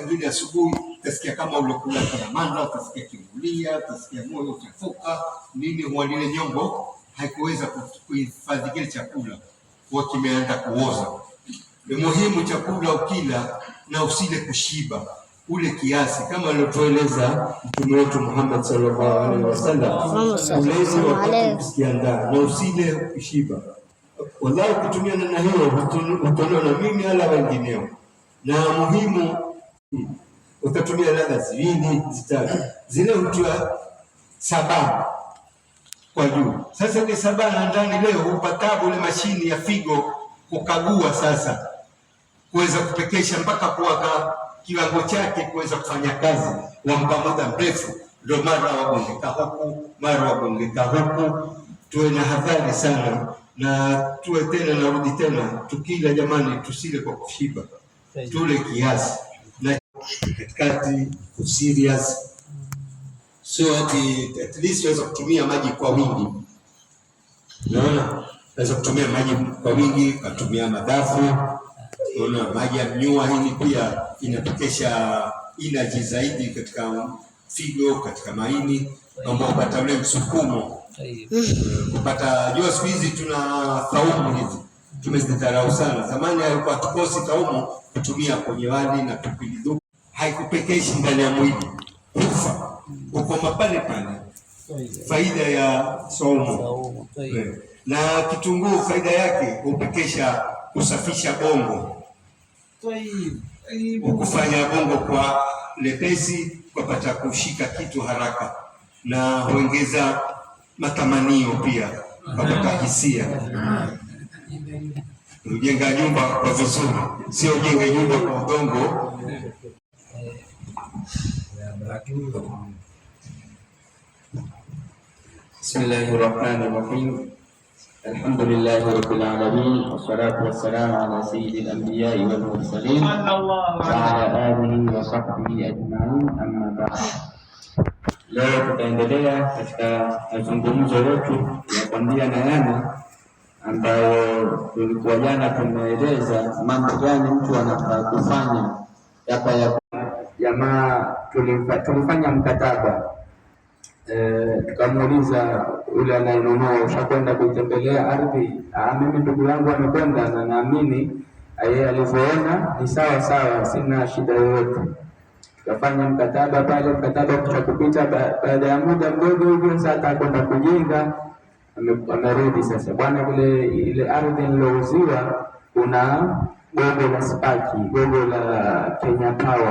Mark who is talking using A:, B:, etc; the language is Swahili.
A: Tangili asubuhi utasikia kama ulokula karamanda, utasikia kimulia, utasikia moyo ukifuka nini. Hualile nyongo haikuweza kuhifadhi kile chakula, huwa kimeanza kuoza. Ni muhimu chakula ukila na usile kushiba, ule kiasi, kama alivyotueleza Mtume wetu Muhammad sallallahu alaihi wasallam, ulezi wakati ukijiandaa na usile kushiba. Wallahi, kutumia namna hiyo hutolewa na mimi ala wengineo, na muhimu Hmm. Utatumia ladha ziwili zitatu zile hutua sababu kwa juu. Sasa ni sababu ndani leo upatabu ile mashini ya figo kukagua sasa, kuweza kupekesha mpaka kuwaka kiwango chake kuweza kufanya kazi, wampa muda mrefu, ndio mara wagongeka huku mara wagongeka huku. Tuwe na hadhari sana, na tuwe tena, narudi tena, tukila jamani, tusile kwa kushiba, tule kiasi katikati ku serious so ati at least waweza kutumia maji kwa wingi. Unaona, waweza kutumia maji kwa wingi, katumia madafu. Unaona, maji ya mnyua hili pia inapokesha energy zaidi katika figo, katika maini, kwamba upata ule msukumo kupata jua. Siku hizi tuna thaumu hizi tumezidharau sana. Zamani alikuwa tukosi thaumu kutumia kwenye wali na pilipili haikupekeshi ndani ya mwili kufa, ukoma pale pale. Faida ya somo na kitunguu, faida yake hupekesha, kusafisha bongo, ukufanya bongo kwa lepesi, kwapata kushika kitu haraka, na huongeza matamanio pia, kwapata hisia ujenga nyumba kwa vizuri, sio ujenge nyumba kwa udongo
B: بسم الله الرحمن الرحيم الحمد لله رب العالمين والصلاة والسلام على سيد الأنبياء والمرسلين وعلى آله وصحبه أجمعين أما بعد لا تتعندلية كتك أزنبون جلوك يقندي أنا أنا ambayo tulikuwa jana tumeeleza mambo gani mtu anafaa kufanya hapa ya jamaa tulifanya mkataba e, tukamuuliza yule anayenunua ushakwenda kuitembelea ardhi? Ah, mimi ndugu yangu amekwenda na naamini ah, yeye alivyoona ni sawa sawa, sina shida yoyote. Tukafanya mkataba pale, mkataba kisha kupita, baada ya muda mdogo hivyo sasa atakwenda kujenga, amerudi sasa, bwana, kule ile ardhi nilouziwa kuna gogo la spaki, gogo la Kenya Power